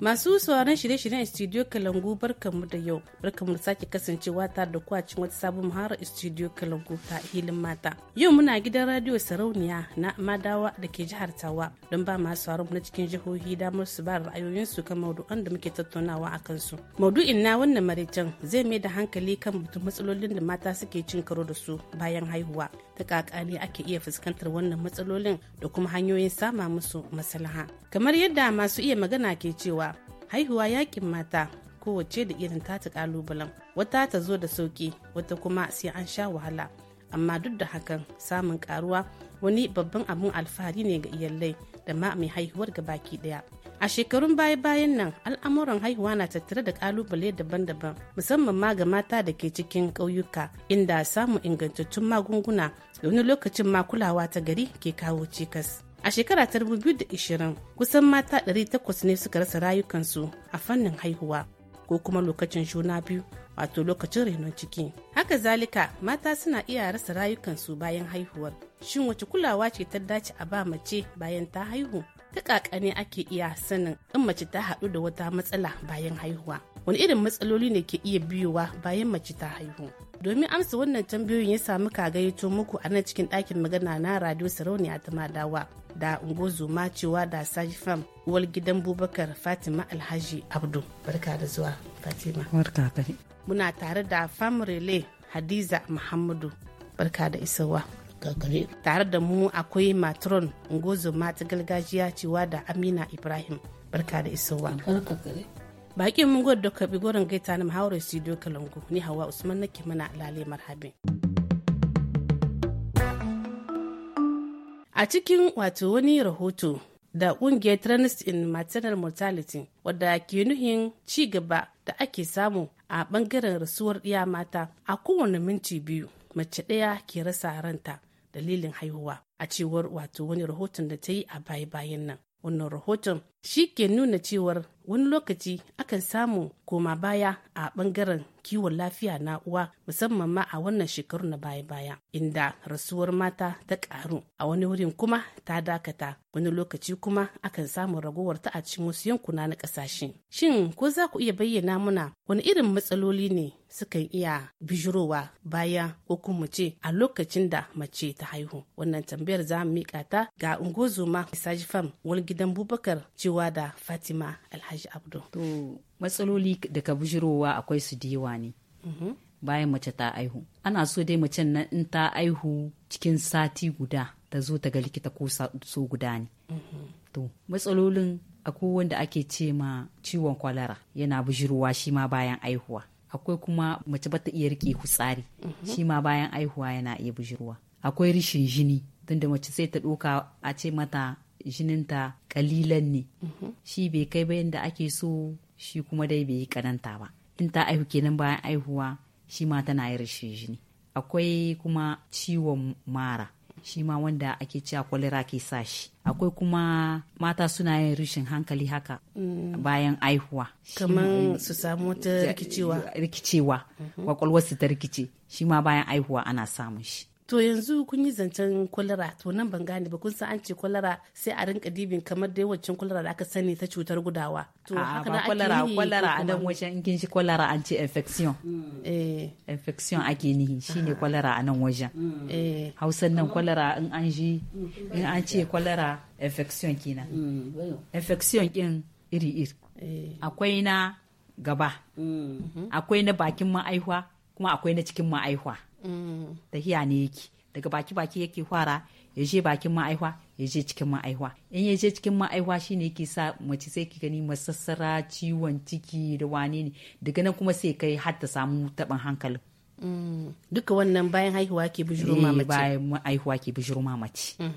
Masu sauraron shirye-shiryen Studio Kalangu barkamu da yau, barkamu da sake kasancewa ta da kuwa cin wata sabon muhara Studio Kalangu ta hilin mata. Yau muna gidan Radio Sarauniya na Madawa da ke jihar Tawa don ba masu sauraron na cikin jihohi damar su ba ra'ayoyinsu kan maudu'an da muke tattaunawa a kansu. Maudu'in na wannan maraicen zai mai da hankali kan batun matsalolin da mata suke cin karo da su bayan haihuwa. ta kaka ake iya fuskantar wannan matsalolin da kuma hanyoyin sama musu maslaha kamar yadda masu iya magana ke cewa haihuwa yakin mata kowace da irin tata kalubalen wata ta zo da sauki wata kuma sai an sha wahala amma duk da hakan samun karuwa wani babban abun alfahari ne ga iyalai da ma mai haihuwar ga baki daya a shekarun baya-bayan nan al'amuran haihuwa na tattare da kalubale daban-daban musamman ma ga mata da ke cikin ƙauyuka inda samun ingantattun magunguna wani lokacin ma kulawa ta gari ke kawo cikas a shekara ta 2020 kusan mata ɗari takwas ne suka rasa rayukansu a fannin haihuwa ko kuma lokacin juna biyu wato lokacin renon ciki haka zalika mata suna iya rasa rayukansu bayan haihuwar shin wace kulawa ce ta dace a ba mace bayan ta haihu ta ne ake iya sanin in mace ta haɗu da wata matsala bayan haihuwa wani irin matsaloli ne ke iya biyowa bayan mace ta haihu domin amsa wannan tambayoyin ya samu kagaito muku a nan cikin ɗakin magana na radio sarauniya ta madawa da ungozuma cewa da saji fam uwar gidan bubakar fatima alhaji abdu barka da zuwa fatima barka kare muna tare da fam relay hadiza muhammadu barka da isowa tare da mu akwai matron ungozuma ta gargajiya cewa da amina ibrahim barka da isowa bakin mun gwada da kabi gwarin gaita na muhawarar studio kalangu ni hawa usman nake mana lale marhabin. a cikin wato wani rahoto da kungiyar trans in maternal mortality wadda ke nuhin ci gaba da ake samu a bangaren rasuwar ɗiya mata a kowane minti biyu mace ɗaya ke rasa ranta dalilin haihuwa a cewar wato wani rahoton da ta yi a baya bayan nan wannan rahoton shi ke nuna cewar wani lokaci akan samu koma baya a bangaren kiwon lafiya na uwa musamman ma a wannan shekaru na baya-baya inda rasuwar mata ta karu a wani wurin kuma ta dakata wani lokaci kuma akan samun ragowar ta a cikin wasu yankuna na kasashe shin ko za ku iya bayyana muna wani irin matsaloli ne sukan iya bijirowa baya ko kuma ce a lokacin da mace ta haihu wannan tambayar za mu mika ta ga ungozoma sajifam fam wani gidan bubakar cewa da fatima alhaji abdu matsaloli daga ka bujirowa akwai su yawa ne mhm. bayan mace ta aihu ana so dai mace nan in ta aihu cikin sati guda ta zo ta ga likita ko so guda ne mhm. to matsalolin akwai wanda ake ce ma ciwon kwalara yana bujirowa shi ma bayan aihuwa akwai kuma mace bata iya rike kutsari mhm. shi ma bayan aihuwa yana iya bujirowa akwai rishin jini tunda mace sai ta ɗoka a ce mata jininta kalilan ne shi bai kai bayan da ake so shi kuma dai bai yi kananta ba in ta aihu kenan bayan aihuwa shi ma tana yin rashin jini akwai kuma ciwon mara shi ma wanda ake cewa kwalera ke sa shi akwai kuma mata suna yin rashin hankali haka mm. bayan aihuwa kamar su samu ta rikicewa rikicewa mm-hmm. kwakwalwar su ta rikice shi ma bayan aihuwa ana samun shi to yanzu kun yi zancen kwalara to nan ban gane ba kun san an ce kwalara sai a rinka dibin kamar dai yawancin kwalara da aka sani ta cutar gudawa to haka da kwalara kwalara a nan wajen in kinshi kwalara an ce infection mm. eh infection ake nihi shine ah. kwalara a nan wajen mm. eh hausan nan kwalara in an ji mm. in an ce kwalara infection kina. infection kin iri iri eh. akwai na gaba akwai na bakin ma'aihwa kuma akwai na cikin ma'aihwa mm. tahiya ne yake daga baki baki yake fara ya je bakin ma'aihwa ya je cikin ma'aihwa in ya je cikin ma'aihwa ne yake sa mace sai ki gani masassara ciwon ciki da wane ne daga nan kuma sai kai har ta samu taɓin hankalin duka wannan bayan haihuwa ke bijiro eh, mace bayan haihuwa ke bijiro mace eh.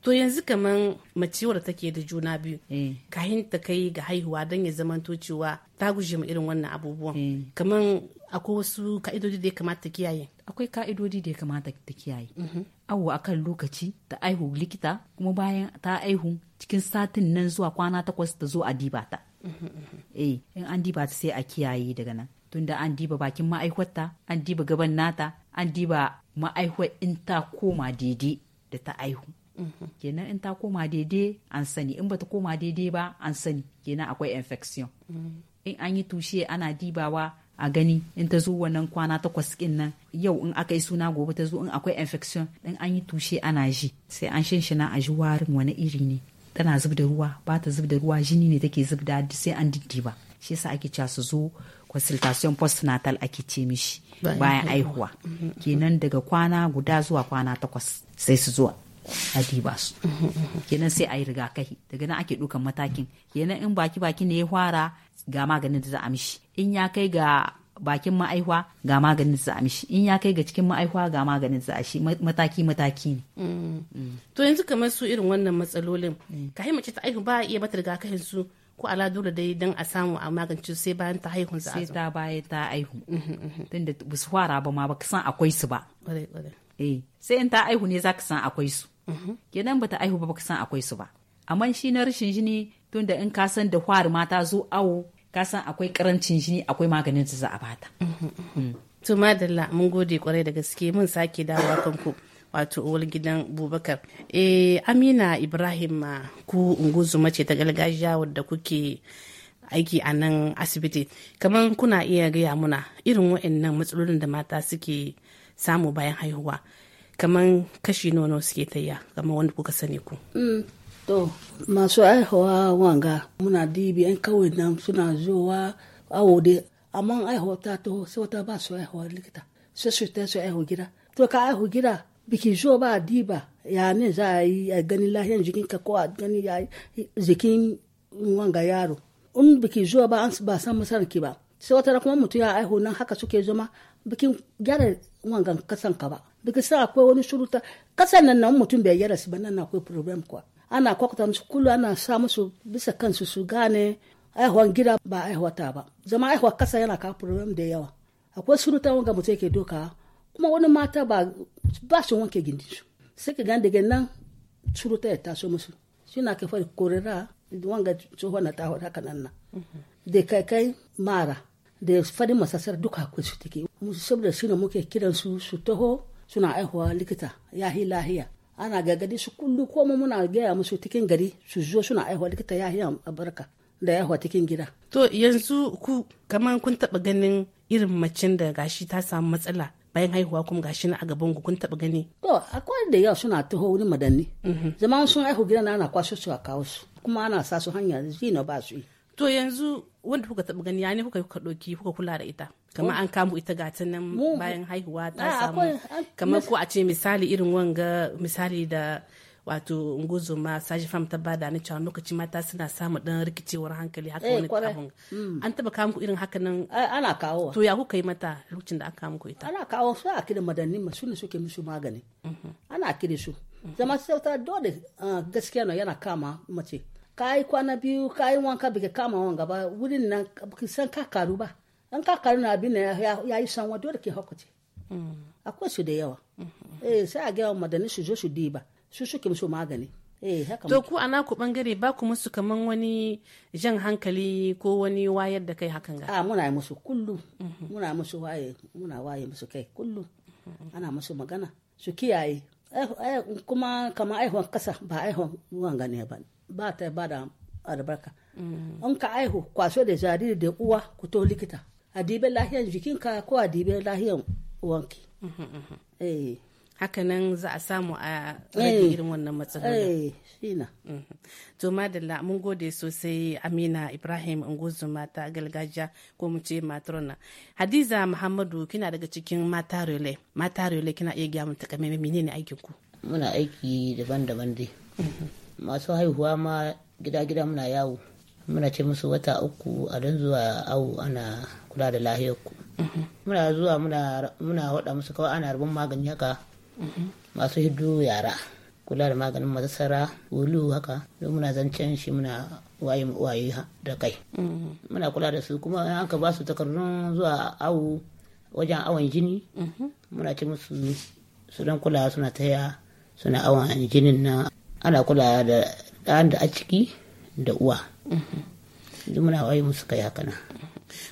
to yanzu kaman mace wadda take da juna biyu eh. kahin ta kai ga haihuwa don ya to cewa ta guje mu irin wannan abubuwan kaman akwai wasu ka'idodi da ya kamata kiyaye akwai ka'idodi da ya kamata ta kiyaye mhm. awo akan lokaci ta aihu likita kuma bayan ta aihu cikin satin nan zuwa kwana takwas ta zo a dibata mhm, mhm. eh in an dibata sai a kiyaye daga nan tunda an diba bakin ma'aikata an diba gaban nata an diba ma'aikwa in ta koma daidai da ta aihu mhm. kenan in ta koma daidai an sani in bata koma daidai ba an sani kenan akwai infection mhm. in an yi tushe ana dibawa a gani in ta zo wannan kwana takwas ɗin nan yau in aka yi suna gobe ta zo in akwai infection in an yi tushe ana ji sai an shinshina a ji warin wani iri ne tana zub da ruwa ba ta zub da ruwa jini ne take zub da sai an diddiba shi yasa ake cewa su zo consultation postnatal ake ce mishi bayan aihuwa kenan daga kwana guda zuwa kwana takwas sai su zuwa a diba su kenan sai a yi rigakafi daga nan ake dukan matakin kenan in baki baki ne ya fara ga maganin da za a mishi in ya kai ga bakin ma'aihwa ga maganin za a mishi in ya kai ga cikin ma'aihwa ga maganin za a shi mataki mataki ne mm. Mm. to yanzu kamar su irin wannan matsalolin mm. ka mace ta aihu ba a iya mata rigakafin su ko ala dole dai don a samu a magance sai bayan ta haihu za sai ta baya ta haihu mm-hmm, mm-hmm. tunda ba su fara ba ma baka san akwai su ba eh sai in ta haihu ne zaka san akwai su mm-hmm. kenan bata haihu ba baka san akwai su ba amma shi na rashin jini tunda in ka san da fara ma ta zo awo ka san akwai karancin jini akwai maganin da za a bata mm. to madalla mun gode kwarai da gaske mun sake dawowa kanku wato uwar gidan bubakar e eh, amina ibrahim ah, ku unguzuma ce ta gargajiya wadda kuke aiki a nan asibiti kamar kuna iya gaya muna irin waɗannan matsalolin da mata suke samu bayan haihuwa kamar kashi nono suke taya kamar wanda kuka sani ku mm, to masu aihuwa wanga muna dibi yan kawai nan suna zuwa awo dai amma aihuwa ta to sai wata ba su aihuwa likita sai su ta su aihu gida to ka aihu gida biki zo ba diba ya ne za a yi a ganin lahiyan jikin ka ko a gani ya jikin wanga yaro in biki zo ba an ba san masar ki ba sai wata kuma mutum ya aiho nan haka suke zama bikin gyara wangan kasan ka ba daga sa akwai wani suruta kasan nan nan mutum bai gyara su ba nan akwai problem kuwa ana kwakwata musu kullu ana sa musu bisa kansu su gane aihuwan gida ba aihuwata ba zama aihuwa kasa yana kawo problem da yawa akwai surutan wanga mutum yake doka kuma wani mata ba ba su wanke su sai ka gani daga nan curuta ta taso musu suna ka fari korera wanga tsoho na ta haka nan na da kai kai mara da fari masasar duka akwai su take musu saboda shi muke kiran su su taho suna aihuwa likita yahi lahiya ana gagadi su kullu koma muna gaya musu cikin gari su zo suna aihuwa likita a barka da yahuwa cikin gida to yanzu ku kamar kun taba ganin irin macen da gashi ta samu matsala bayan haihuwa kuma gashi na a gaban ku kun taba gani to akwai da yawa suna taho wurin madanni mhm. zaman sun aiko gidan ana kwaso su a kawo su kuma ana sa su hanya zina ba su yi to yanzu wanda kuka taba gani ya ne kuka kuka doki kuka kula da ita kamar an kama ita gata nan bayan haihuwa ta samu kamar ko a ce misali irin wanga misali da wato ma sashi fam ta bada na cewa lokaci mata suna samu dan rikicewar hankali haka eh, wani abun mm. an taba kawo muku irin haka nan eh, ana kawo to ya kuka yi mata lokacin da aka muku ita ana kawo su a kira madanni su ne suke musu magani mhm. ana kira su zama sauta dole ah, gaskiya na yana kama mace ka yi kwana biyu ka yi wanka bai kama wan gaba wurin nan san ka karu ba an ka karu na abin ya yi sanwa dole ke hukunci mm. akwai su da yawa mhm. eh sai a gaya wa madanni su zo su diba shi shi musu magani eh, haka to ku ana ku bangare ba ku musu kaman wani jan hankali ko wani wayar da kai hakan ga a muna musu kullum mhm. muna musu waye muna waye musu kai kullum ana musu magana su kiyaye kuma kama aihuwan kasa ba aihuwan ruwan gane ba ba ta ba da albarka an mhm. ka aihu kwaso da jariri da uwa ku to likita a dibe lahiyan jikinka ko a dibe lahiyan uwanki mhm, eh hakanan za a samu a eh. rage irin wannan matsalolin. Eh, mhm. To madalla mun gode sosai Amina Ibrahim Ngozu mata galgajiya ko mu ce matrona. Hadiza Muhammadu kina daga cikin mata rele. Mata rele kina iya gaya mun takamaimai menene aikin ku? Muna aiki daban-daban dai. Mhm. Masu haihuwa ma gida-gida muna yawo. Muna ce musu wata uku a don zuwa awo ana kula da lahiyar ku. Mhm. Muna zuwa muna haɗa musu kawai ana rabin magani haka masu hidu yara kula da maganin masara wulu haka don muna zancen shi muna waye waye da kai muna kula da su kuma an ka ba takardun zuwa awu wajen awon jini muna ci musu su don kula suna taya suna awon jinin na ana kula da ɗan da a ciki da uwa muna waye musu kai haka nan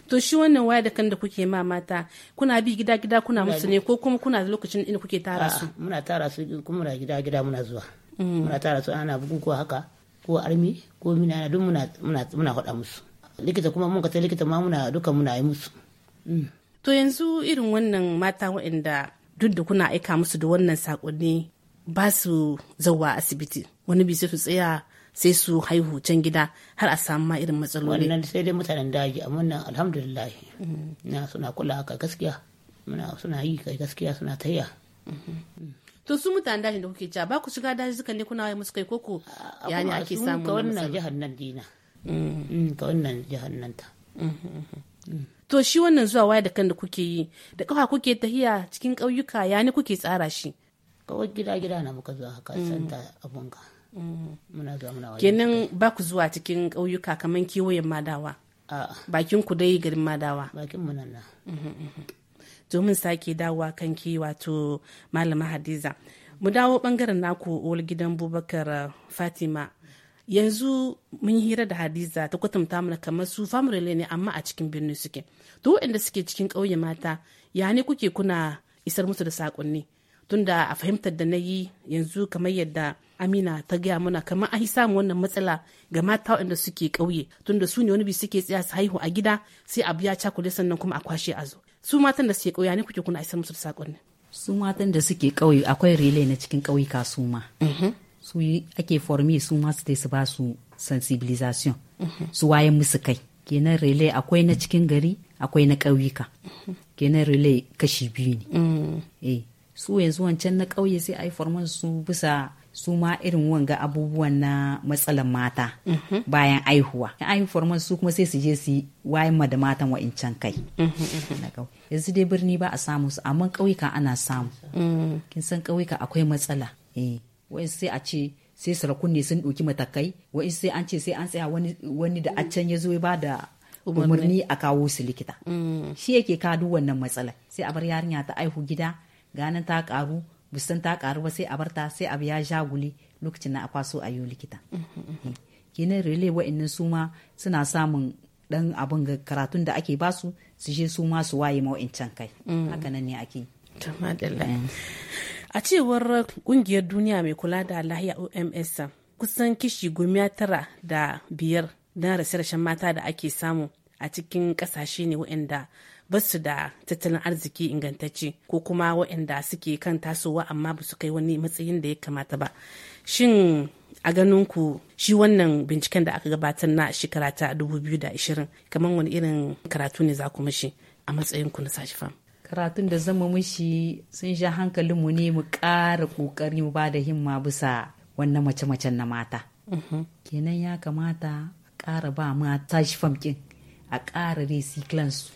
to shi wannan waya da kan da kuke ma mata kuna bi gida gida kuna musu ne ko kuma kuna da lokacin inda kuke tara su muna tara su kuma muna gida gida muna zuwa mm. muna tara su ana bukukuwa haka ko armi ko mina duk muna muna muna faɗa musu likita kuma mun ka ta likita ma muna duka muna yi musu mm. to yanzu irin wannan mata waɗanda duk da kuna aika musu da wannan sakonni ba su zauwa asibiti wani bi su tsaya sai su haihu can gida har a samu ma irin matsaloli wannan sai dai mutanen daji a nan alhamdulillah na suna kula haka gaskiya muna suna yi kai gaskiya suna tayya to su mutanen daji da kuke ja ba ku shiga daji suka ne kuna musu kai koko ya ne ake samu ka wannan jihar nan dina mm. Mm, ka wannan jihar nan ta mm. to shi wannan zuwa waya da kan da kuke yi da kafa kuke tahiya cikin ƙauyuka ya ne kuke tsara shi kawai gida gida na muka zuwa haka santa abunka kenan ba ku zuwa cikin ƙauyuka kamar kewayen madawa bakin ku dai garin madawa bakin mu domin mhm, mhm. sake dawowa kan ki wato malama hadiza mu dawo bangaren naku uwar gidan bubakar uh, fatima yanzu mun hira da hadiza ta kwatanta mana kamar su famurele ne amma a cikin birni suke to inda suke cikin ƙauye mata ya ne kuke kuna isar musu da saƙonni tunda a fahimtar da na yi yanzu kamar yadda amina ta gaya mana kamar an samu wannan matsala ga mata waɗanda suke ƙauye tunda su ne wani bi suke tsaya su haihu a gida sai a biya cakule sannan kuma a kwashe a zo su matan da suke ƙauye ne kuke kuna isa musu da saƙon su matan da suke ƙauye akwai relay na cikin ƙauyuka su ma mm-hmm. su ake forme su ma su su ba su sensibilisation mm-hmm. su waye musu kai kenan relay akwai na cikin gari akwai na ƙauyuka mm-hmm. kenan relay kashi biyu ne mm. eh, su yanzu wancan na ƙauye sai a yi su bisa su ma irin wanga abubuwan na matsalan mata mhm. bayan aihuwa aihuwar man su kuma sai su je su wayan ma da matan wa'incan kai mhm, mhm, yanzu dai birni ba a samu su amma ƙauyuka ana samu mm. kin san ƙauyuka akwai matsala eh, wai sai a ce sai sarakun ne sun ɗauki matakai wai sai an ce sai an tsaya wani da a can ya zo ya ba da umarni a kawo su likita mm. shi yake kadu wannan matsala sai a bar yarinya ta aihu gida ganin ta karu bisan ta karu ba sai a barta sai abu ya guli lokacin na a kwaso a yi likita kini rile wa'annan su ma suna samun dan abin ga karatun da ake basu su je su su waye ma wa'ancan kai mm. haka nan ne ake mm. a cewar kungiyar duniya mai kula da lahiya oms kusan kishi gumiya tara da biyar na rashe-rashen mata da ake samu a cikin kasashe ne waɗanda ba su da tattalin arziki ingantacce ko kuma waɗanda suke kan tasowa amma ba su kai wani matsayin da ya kamata ba shin a ganin ku shi wannan binciken da aka gabatar na shekara ta 2020 kamar wani irin karatu ne za ku mishi a matsayin ku na sashi karatun da zama mushi sun sha hankalinmu ne mu ƙara ƙoƙari mu ba da himma bisa wannan mace-macen na mata mhm. kenan ya kamata ƙara ba mata tashi famkin a ƙara recyclansu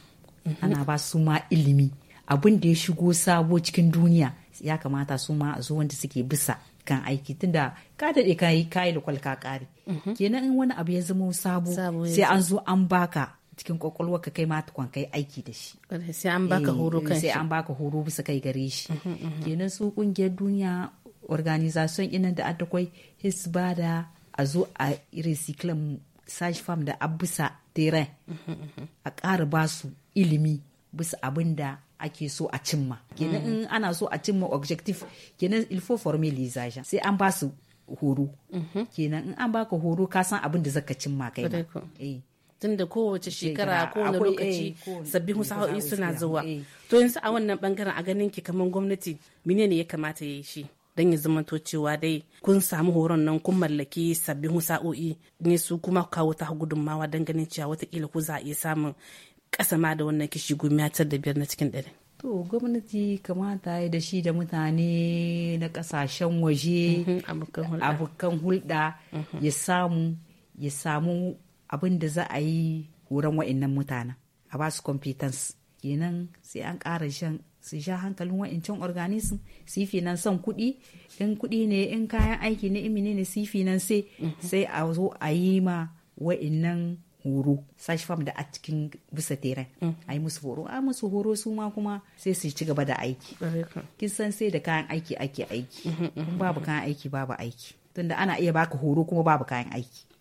ana ba su ma ilimi abin da ya shigo sabo cikin duniya ya kamata su ma a zo wanda suke bisa kan aiki tunda ka daɗe ka yi kayi da ka ƙari mhm. kenan in wani abu ya zama sabo sai an zo an baka cikin kwakwalwa ka kai kwan kai aiki da shi sai an baka eh, horo kan sai an baka horo bisa kai gare shi mhm, mhm. kenan su kungiyar duniya organization ina da adakwai hisba da a zo a recycle sash farm da abusa teren mhm, mhm. a ƙara ba su ilimi bisa abin da ake so a cimma kenan mhm. in ana so a cimma objective kenan il faut former les sai an ba su horo kenan in an baka horo ka san abin da zaka cimma kai eh tunda kowace shekara wani eh, lokaci sabbin sa'o'i suna zuwa eh. to yanzu a wannan bangaren a ganin ki kamar gwamnati menene ya kamata ya yi shi don ya zama to cewa dai kun samu horon nan kun mallaki sabbin husa'o'i ne su kuma kawo ta gudunmawa don ganin cewa watakila ku za a iya samun kasa ma da wannan kishi goma da biyar na cikin ɗari. to gwamnati kamata ya da shi da mutane na kasashen waje mhm, abokan hulɗa mhm. ya samu ya samu abin da za a yi horon wa'annan mutanen a ba su kenan sai an ƙara shan su sha hankalin wa'ancan organism sifi nan son kuɗi in kuɗi ne in kayan aiki ne imini ne su yi sai mhm. sai a zo a yi ma wa'annan horo sashi fam da a cikin bisa teren mm. a yi musu horo a musu horo su ma kuma sai su ci gaba da aiki kin san sai da kayan aiki ake aiki mhm, mhm, babu kayan aiki babu aiki tunda ana iya baka horo kuma babu kayan aiki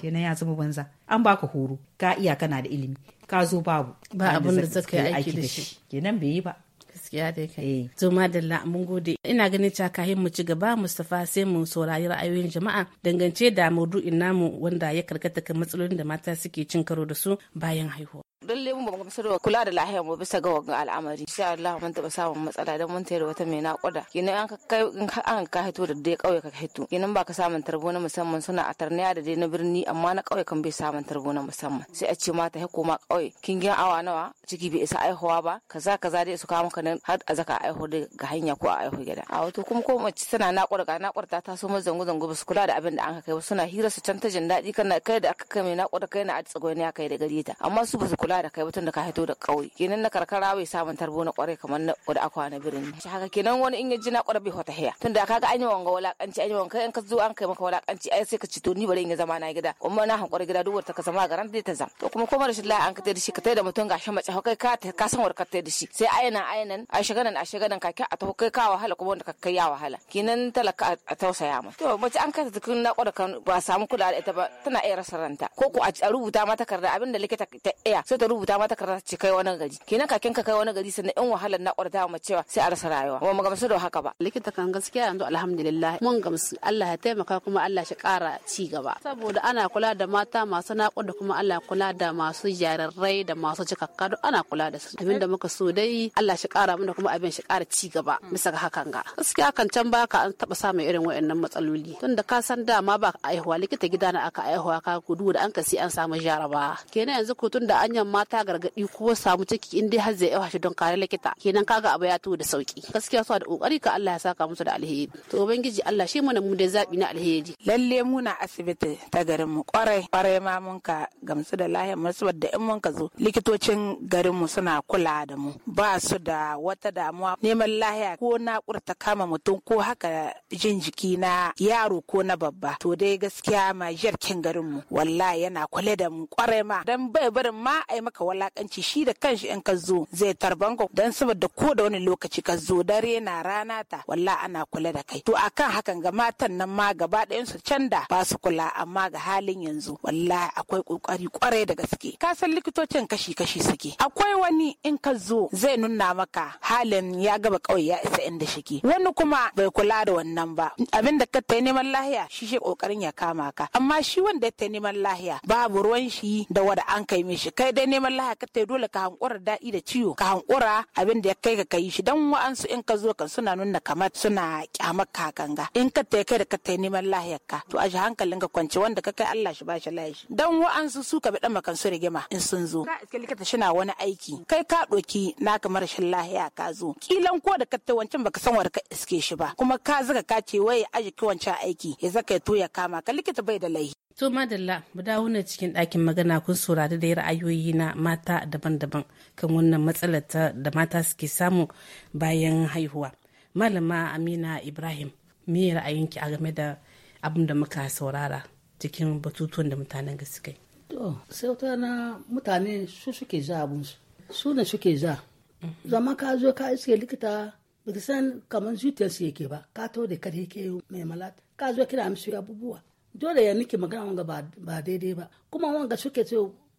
kenan ya zama banza an baka horo ka iya kana da ilimi ka zo babu ba abin da zaka yi aiki da shi kenan bai yi ba gaskiya dai kai eh. to madalla mun gode ina ganin ta kahin mu ci gaba Mustafa sai mu saurari ra'ayoyin jama'a dangance da maudu'in namu wanda ya karkata kan matsalolin da mata suke cin karo da su bayan haihuwa Don mun ba mu da kula da lahiyar mu bisa ga wannan al'amari insha Allah mun taba samun matsala dan mun tayar wata mai naƙuda kenan an ka kai an ka hito da dai kauye ka hito kinan ba ka samun tarbo na musamman suna a tarniya da dai na birni amma na kauye kan bai samun tarbo na musamman sai a ce mata hako ma kauye kin gina awa nawa ciki bai isa aihuwa ba kaza kaza dai su kawo maka nan har a zaka aihu ga hanya ko a aihu gida a wato kuma ko mace tana naƙuda ga naƙuda ta taso ma zango zango ba su kula da abin da an ka kai ba suna hira su can ta jin daɗi kana kai da aka kai mai naƙuda kai na a tsagoyi ne aka yi da gare ta amma su ba su kula kula da kai mutum da ka haito da ƙauye kenan na karkara bai samun tarbo na kwarai kamar na da akwa na birni shi haka kenan wani in ya ji na kwarai bai hota haya tunda kaga an yi wanga wulakanci an yi wanka in ka zo an kai maka wulakanci ai sai ka ci to ni bari in ya zama na gida kuma na hankuri gida duk wata ka zama garan dai ta zam to kuma kuma rashin la'a an ka da shi ka tai da mutum gashi mace kai ka ka san warkar tai da shi sai ayanan ayanan a shaganan a shaganan ka a ta kai ka wahala kuma wanda ka kai ya wahala kenan talaka a tausaya ma to mace an kai ta tukun na kwarai ba samu kula da ita ba tana iya rasa ranta ko ko a rubuta mata takarda abinda likita ta iya sai ta rubuta mata karata ce kai wani gari kenan kakin ka kai wani gari sannan in wahalar na kwarta mu cewa sai a rasa rayuwa ba mu gamsu da haka ba likita kan gaskiya yanzu alhamdulillah mun gamsu Allah ya taimaka kuma Allah shi kara ci gaba saboda ana kula da mata masu naƙuda kuma Allah kula da masu jararrai da masu cikakka duk ana kula da su abin da muka so dai Allah shi kara mana kuma abin shi kara ci gaba bisa ga hakan ga gaskiya kan can baka an taba samun irin wayannan matsaloli tunda ka san dama ba ka aihuwa likita gida na aka aihuwa ka gudu da an ka sai an samu jaraba kenan yanzu ko tunda an wannan mata gargadi ko samu ciki in dai har zai yawa shi don kare likita kenan kaga abu ya tuwo da sauki gaskiya su da kokari ka Allah ya saka musu da alheri to ubangiji Allah shi mana mu da zabi na alheri lalle mu na asibiti ta garin mu kwarai kwarai ma mun ka gamsu da lahiyar mu saboda in mun ka zo likitocin garin mu suna kula da mu ba su da wata damuwa neman lahiya ko na kurta kama mutum ko haka jin jiki na yaro ko na babba to dai gaskiya ma jarkin garin mu wallahi yana kula da mu kwarai ma dan bai barin ma a maka walakanci shi da kanshi in ka zo zai tarbanka dan saboda ko da wani lokaci ka zo dare na rana ta walla ana kula da kai to akan hakan ga matan nan ma gaba da su can ba su kula amma ga halin yanzu wallahi akwai kokari kwarai da gaske ka san likitocin kashi kashi suke akwai wani in ka zo zai nuna maka halin ya gaba kawai ya isa inda shike wani kuma bai kula da wannan ba abin da ka ta neman lahiya shi shi kokarin ya kama ka amma shi wanda ta neman lahiya babu ruwan shi da wada an kai mishi kai dai kai neman lahaka ka dole ka hankura daɗi da ciwo ka hankura abin da ya kai ka kai shi dan wa'ansu in ka zo kan suna nuna kamar suna kyamar kakanga in ka ta kai da ka ta neman lahiyar to a shi hankalin ka kwance wanda ka kai Allah shi ba shi lahiya shi dan wa'ansu su ka bi dan makan su rigima in sun zo ka iske likita shi wani aiki kai ka doki na kamar shi lahiya ka zo kilan ko da ka ta wancan baka san wanda ka iske shi ba kuma ka zaka ka ce wai aji ki wancan aiki ya zaka ya toya kama ka likita bai da laifi. To madalla mu dawo na cikin ɗakin magana kun saurari da ra'ayoyi na mata daban-daban kan wannan matsalar da mata suke samu bayan haihuwa. Malama Amina Ibrahim, me ra'ayinki a game da abin da muka saurara cikin batutuwan da mutanen ga suka yi? To, sai na mutane su suke za abinsu, su ne suke za. Mhm. Zama ka zo ka iske likita ka san kamar zuciyarsu yake ba, ka to da kare ke mai malata, ka zo kira musu abubuwa. dole ya nike magana wanga ba daidai ba kuma wanga suke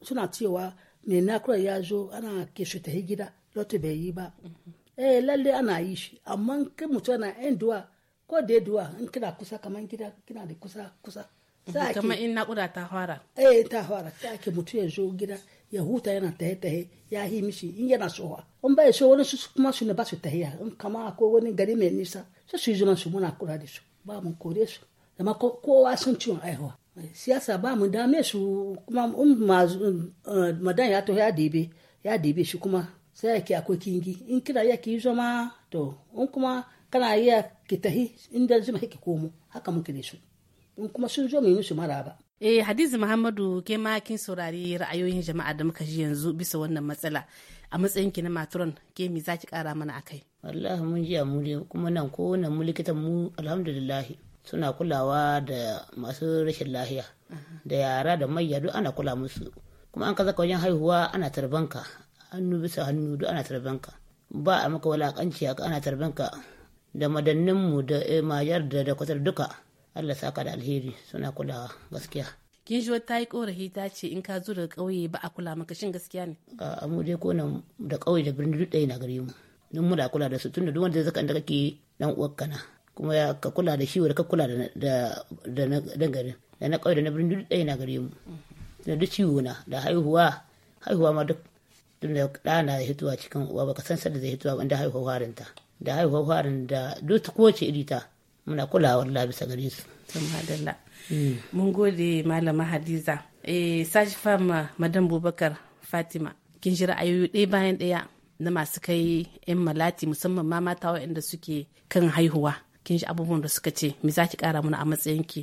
suna cewa mai nakura ya zo ana ke shi ta gida lotu bai yi ba mm-hmm. eh lalle ana yi shi amma kai mutum na yan duwa ko da duwa in kina kusa kamar gida kina da kusa kusa mm-hmm. kamar in nakuda ta fara eh ta fara sai ake mutu ya zo gida ya huta yana tahe tahe ya yi mishi in yana sowa in bai so wani su kuma su ne ba su tahiya in kama ko wani gari mai nisa sai su yi zuma su muna kula da su ba mu kore su zama kowa sun ciwon aihuwa siyasa ba mu dame su kuma eh, madan ya to ya debe ya debe shi kuma sai yake akwai kingi in kina iya ki zama to in kuma kana iya ki tahi inda zuma ki komo haka muke ne su in kuma sun zo mu musu maraba Eh Hadiza Muhammadu ke ma kin saurari ra'ayoyin jama'a da muka ji yanzu bisa wannan matsala a matsayin ki na maturan ke mi zaki kara mana akai. Wallahi mun ji mu kuma nan ko nan mu likitan mu alhamdulillah suna kulawa da masu rashin lahiya da yara da mayya duk ana kula musu kuma an ka wajen haihuwa ana tarbanka hannu bisa hannu duk ana tarbanka ba a maka walakanci haka ana tarbanka da madanninmu da eh, majar da da duka allah saka da alheri suna kulawa gaskiya kin ji wata yi korafi ta ce in ka zo daga ƙauye ba a kula maka shin gaskiya ne a mu dai ko da ƙauye da birni duk ɗaya na gari mu nan mu da kula da su tunda duk wanda zaka inda kake ɗan uwar kana kuma ka kula da shi ka kula da da na garin da na ƙauye da na birnin duk ɗaya na gare mu da duk ciwo na da haihuwa haihuwa ma duk na ɗa na hituwa cikin uwa baka san sadda zai hituwa inda haihuwa harin ta da haihuwa harin da duk kowace iri ta muna kulawa la bisa gare su. Mm. mun gode malama hadiza eh sashi fama madam bubakar fatima kin shi ra'ayoyi ɗaya bayan ɗaya na masu kai 'yan malati musamman ma mata waɗanda suke kan haihuwa kin shi abubuwan da suka ce me za ki kara mana a ki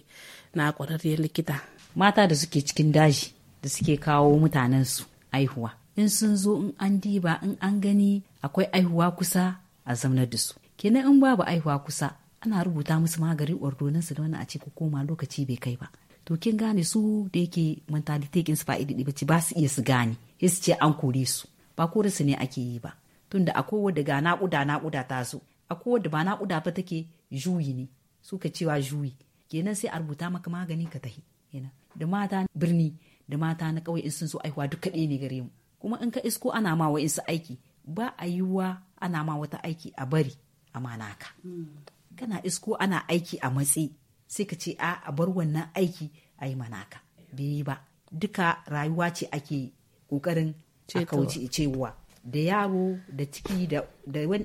na kwararriyar likita mata da suke cikin daji da suke kawo mutanen su aihuwa in sun zo in an diba in an gani akwai aihuwa kusa a zaunar da su kenan in babu aihuwa kusa ana rubuta musu magani ordonan su da wani a ce ku koma lokaci bai kai ba to kin gane su da yake mentality kin su fa'idi ba ba su iya su gane sai su ce an kore su ba kore su ne ake yi ba tunda akwai wadda ga naƙuda naƙuda ta zo akwai wadda ba naƙuda ba take juyi ne suka cewa juyi kenan sai a rubuta maka magani ka tahi kenan da mata birni da mata na ƙauye in sun so aihuwa duka ɗaya ne gare mu kuma in ka isko ana ma insu aiki ba a yiwuwa ana ma wata aiki a bari a manaka hmm. kana isko ana aiki a matsi sai ka ce a a bar wannan aiki a yi manaka bai ba duka rayuwa ce ake kokarin a kauce cewa da yaro da ciki da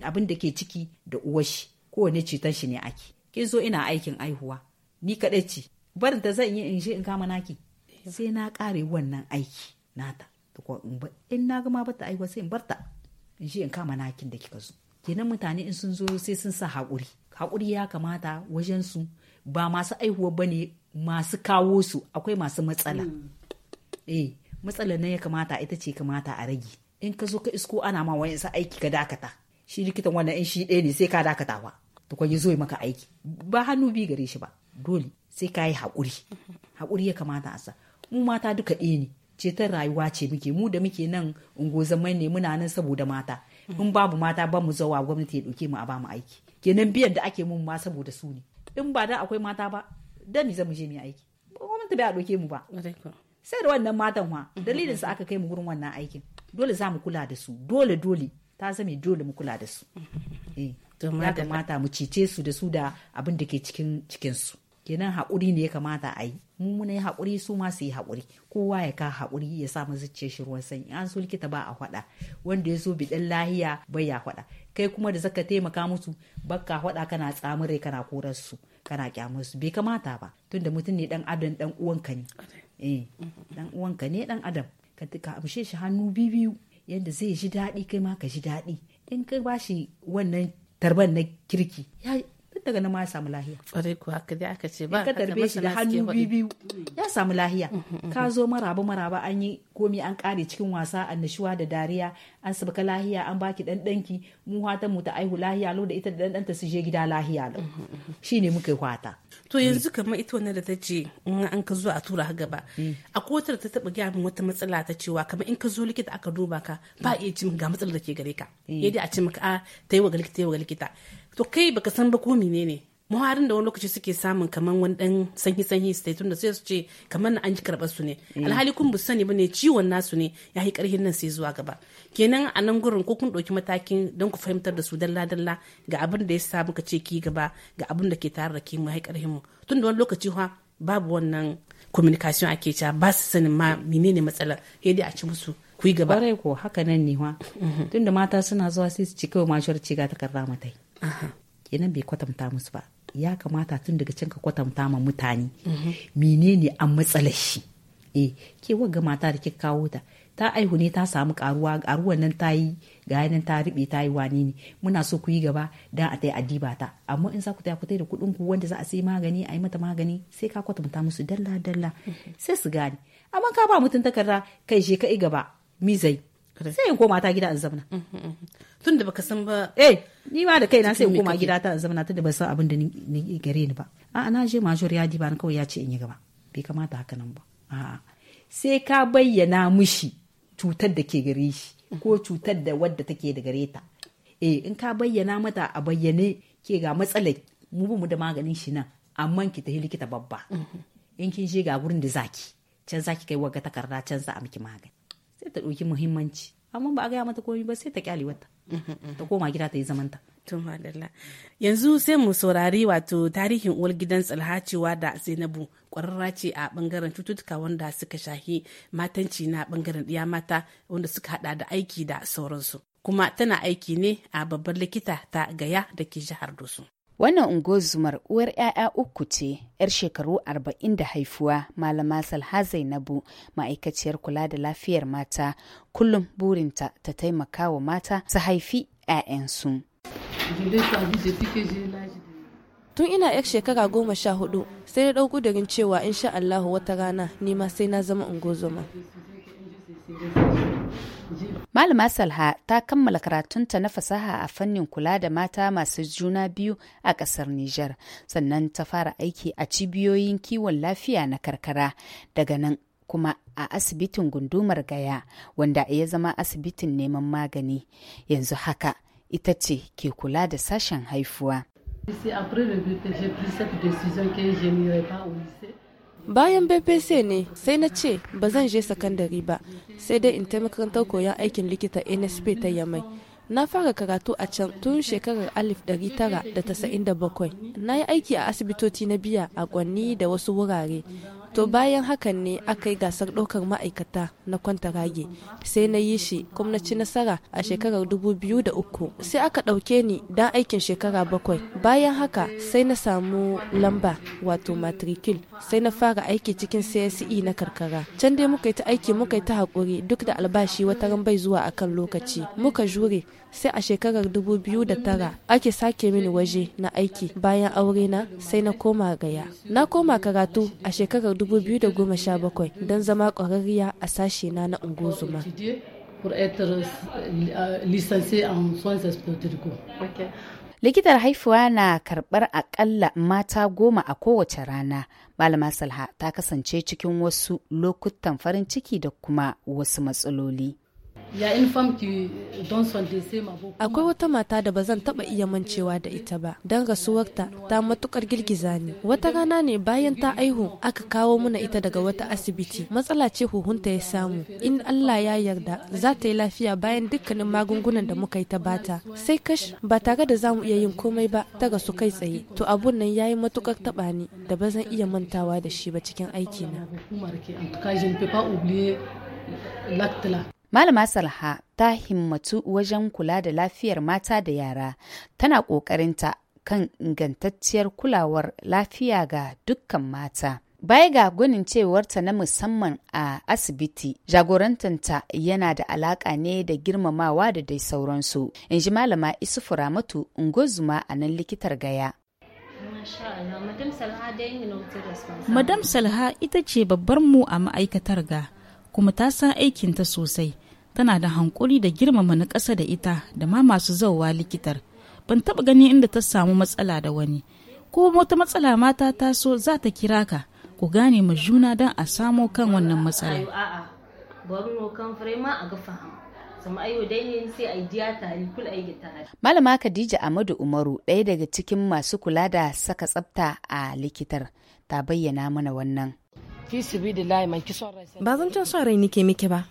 abin da ke ciki da uwashi kowane cutar shi ne ake kin zo ina aikin aihuwa ni kaɗai ce barin ta zan yi in je in kama naki sai na ƙare wannan aiki nata in na gama bata aihuwa sai in barta in je in kama nakin da kika zo kenan mutane in sun zo sai sun sa haƙuri haƙuri ya kamata wajen su ba masu aihuwa ba ne masu kawo su akwai masu matsala mm. eh matsala na ya kamata ita ce kamata a rage in ka zo ka isko ana ma sa aiki ka dakata shi likitan wannan in shi ɗaya ne sai ka dakata ba yi zo maka aiki ba hannu biyu gare shi ba dole sai ka yi haƙuri haƙuri ya kamata a sa mu mata duka ɗaya ne ceton rayuwa ce muke mu da muke nan ungozamai ne muna nan saboda mata in babu mata ba mu zawa gwamnati ya ɗauke mu a bamu aiki kenan biyan da ake mun ma saboda su ne in ba da akwai mata ba da ni zamu je mu aiki gwamnati bai a ɗauke mu ba sai da wannan matan wa dalilin sa aka kai mu gurin wannan aikin dole za mu kula da su dole dole ta zame dole mu kula da su eh. ya kamata mu cice su da su da abin da ke cikin su kenan haƙuri ne ya kamata a yi mu muna yi haƙuri su ma su yi haƙuri kowa ya ka haƙuri ya sa zuciyar shi ruwan sanyi an so likita ba a faɗa wanda ya so biɗan lahiya bai ya faɗa kai kuma da zaka taimaka musu bakka faɗa kana rai kana korar su kana kyamar su bai kamata ba tunda mutum ne dan adam dan uwanka ne dan eh, uwanka ne dan adam ka amshe shi hannu biyu yadda zai ji daɗi kai ma ka ji daɗi in ka shi wannan tarban na kirki ya daga nan ma ya samu lahiya tsare ku haka dai aka ce ba ka tarbe shi da hannu biyu ya samu lahiya mm, mm, mm, ka zo maraba maraba an yi komi an kare cikin wasa annashuwa da dariya an sabka lahiya an baki dan danki mu hata mu ta aihu lahiya lo da ita da dan danta su je gida lahiya lo shine muka yi hwata to yanzu kamar ita wannan da ta ce in an ka zo a tura gaba a kotar ta taba gaya min wata matsala ta cewa kamar in ka zo likita aka duba ka ba iya ci ga matsalar da ke gare ka yadda eh. a ce maka a ah, ta yi wa likita ta yi wa likita to kai baka san ba ko menene muharin da wani lokaci suke samun kamar wani dan sanyi sanyi sai tunda sai su ce kamar na an ji karɓar su ne mm. alhali kun bu sani bane ciwon nasu ne ya yi karhin nan sai zuwa gaba kenan a nan gurin ko kun dauki matakin don ku fahimtar da su dalla dalla ga abin da ya sa muka ce ki gaba ga abin da ke tare da ke mu ya karhin mu tunda wani lokaci fa babu wannan communication ake cewa ba su sanin ma menene matsalar sai a ci musu ku gaba. ko haka nan ne wa mm-hmm. tunda mata suna zuwa sai su ci kawai mashuwar ci ga takarda matai. kenan bai kwatanta musu ba ya kamata tun daga can ka kwatanta ma mutane mhm. menene an matsalar shi e ke ga mata da kika kawo ta ta aihu ne ta samu karuwa karuwan nan ta ga nan ta riɓe ta yi wane ne muna so ku yi gaba dan a ta yi adiba ta amma in za ku ta ku da kuɗin ku wanda za a sai magani a yi mata magani sai ka kwatanta musu dalla dalla mhm. sai su gane amma ka ba mutum takarda kai je ka yi gaba mizai sai in koma ta gida in zamna mhm, Tun da baka san ba eh ni ma da kaina sai koma gida ta zama da ban san abin da ni gare ni ba a'a na je major ya diba kawai ya ce in yi gaba bai kamata haka nan ba a sai ka bayyana mushi cutar da ke gare shi ko cutar da wadda take da gare ta eh in ka bayyana mata a bayyane ke ga matsalar mu mu da maganin shi nan amma ki tafi likita babba mm-hmm. in kin je ga gurin da zaki can zaki kai wagga takarda can za a miki magani sai ta ɗauki muhimmanci amma ba a gaya mata komai ba sai ta kyale wata ta koma gida ta yi zamanta yanzu sai mu saurari wato tarihin uwar gidan tsalhacewa da zainabu kwararra ce a bangaren cututtuka wanda suka shahi matanci na bangaren ɗiya mata wanda suka hada da aiki da sauransu kuma tana aiki ne a babbar likita ta gaya da ke jihar dosu Wannan unguwar uwar 'ya'ya uku ce, 'yar shekaru arba'in da haifuwa, malama Salha Zainabu, ma'aikaciyar kula da lafiyar mata, kullum burinta ta taimaka wa mata su haifi 'ya'yansu. Tun ina 'yar shekara goma sha hudu, sai na ɗau gudurin cewa in sha Allahu wata rana nima sai na zama ungozoma. Malama Salha ta kammala karatunta na fasaha a fannin kula da mata masu juna biyu a ƙasar Nijar, sannan ta fara aiki a cibiyoyin kiwon lafiya na karkara daga nan kuma a asibitin gundumar gaya wanda ya zama asibitin neman magani yanzu haka ita ce ke kula da sashen haifuwa. bayan bpc ne sai na ce ba zan je sakandare ba sai dai in ta makarantar koyon aikin likita nsp ta yamai na fara karatu a can tun shekarar 1997 na yi aiki a asibitoci na biya a kwanni da wasu wurare to bayan hakan ne aka yi gasar ɗaukar ma'aikata na kwanta rage sai na yi shi kuma na ci nasara a shekarar 2003 sai aka ɗauke ni don aikin shekara bakwai bayan haka sai na samu lamba wato matrikil sai na fara aiki cikin CSE na karkara can dai muka yi ta aiki muka yi ta haƙuri duk da albashi wata ran bai zuwa akan lokaci muka jure sai a shekarar 2009 ake sake mini waje na aiki bayan aure na sai na koma gaya na koma karatu a shekarar 2017 don zama ƙwararriya a sashe na na ungozuma euh, likitar haifuwa na karɓar akalla mata goma a kowace rana malama salha ta kasance cikin wasu lokutan farin ciki da kuma wasu matsaloli Euh, Akwai wata mata da ba zan taɓa iya mancewa da ita ba, don rasuwarta ta matukar girgiza ne Wata rana ne bayan ta aihu aka kawo muna ita daga wata asibiti. Matsala ce huhunta ya samu. In Allah ya yarda za ta yi lafiya bayan dukkanin magungunan da muka yi ta bata. Sai kash ba tare da za mu iya yin komai ba ta rasu kai tsaye. To abun nan ya yi matukar taba ni da ba zan iya mantawa da shi ba cikin aikina. Malama Salha ta himmatu wajen kula da lafiyar mata da yara, tana ƙoƙarinta kan ingantacciyar kulawar lafiya ga dukkan mata. Baya ga gunin cewarta na musamman a asibiti, jagorantanta yana da alaƙa ne da girmamawa da dai sauransu, in ji Malama Isufu Ramatu Ungozuma a nan likitar gaya. Madam Salha ita ce babbar mu a ma'aikatar ga. kuma ta san aikinta sosai tana da hankuri da girmama na ƙasa da ita da ma masu zauwa likitar ban taɓa gani inda ta samu matsala da wani ko wata matsala mata taso za ta kira ka ku gane ma juna don a samo kan wannan matsala Malama Khadija Amadu Umaru ɗaya daga cikin masu kula da saka tsafta a likitar ta bayyana mana wannan. ba zancen son rai nike miki ba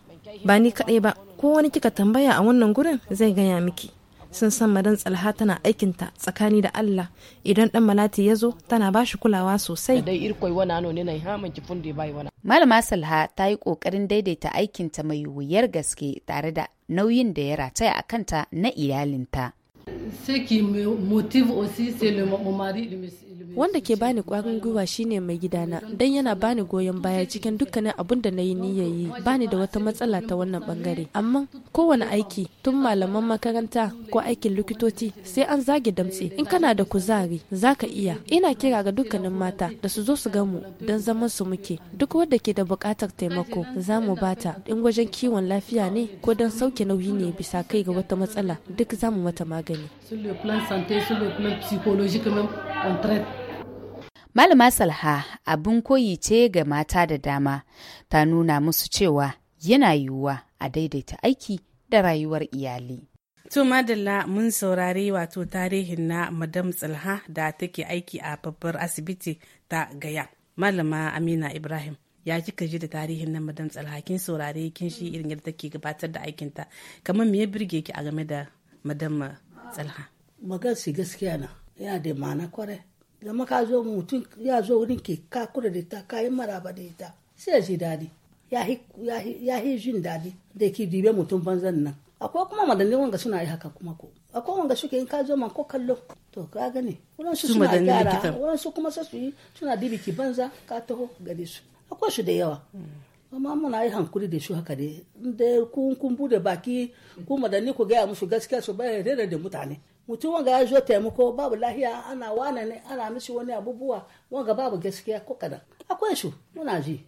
ba ni kaɗai ba ko wani kika tambaya a wannan gurin zai gaya miki sun san madan tsalha tana aikinta tsakani da Allah idan dan malati ya zo tana ba shi kulawa sosai. Malama Salha ta yi ƙoƙarin daidaita aikinta mai wuyar gaske tare da nauyin da ya rataya a kanta na iyalinta. Wanda ke bani kwarin gwiwa shine mai gidana, don yana bani goyon baya cikin dukkanin abun da na yi niyya yi, bani da wata matsala ta wannan bangare. Amma kowane aiki, tun malaman makaranta ko aikin likitoci sai an zage damtse. In kana da kuzari, za ka iya. Ina kira ga dukkanin mata da su zo su ga mu don zaman su muke. Duk wanda ke da buƙatar taimako, za mu bata. In wajen kiwon lafiya ne ko don sauke nauyi ne bisa kai ga wata matsala, duk za mu mata magani. magani. Sur le plan santé, sur le plan psychologique même, on traite. Malama Salha abin koyi ce ga mata da dama, ta nuna musu cewa yana yiwuwa a daidaita aiki da rayuwar iyali. To madalla mun saurari wato tarihin na Madam salha da take aiki a babbar asibiti ta Gaya. Malama Amina Ibrahim ya kika ji da tarihin na Madam Tsalha kin saurari kin shi irin yadda take gabatar da aikinta. Kamar me ya birge ki a game da Madam tsalha magansi gaskiya na ya da ma'ana kware. zama ka zo mutum ya zo wurin ke ka kura da ta kayan maraba da ita sai ya ji daɗi ya yi jin daɗi da ke dibe mutum banzan nan akwai kuma madannin wanga suna yi haka kuma ko akwai wanga suke in ka zo man ko kallo to ka gane wadansu suna gyara wadansu kuma sai su yi suna dibi ki banza ka taho gare su akwai su da yawa hmm. amma muna yi hankuri de su haka ne da kun de baki kun madanni ku gaya musu gaskiya su bayan rera da mutane mutum wanga ya zo taimako babu lahiya ana wana ne ana mishi wani abubuwa wanga babu gaskiya ko kadan akwai su muna ji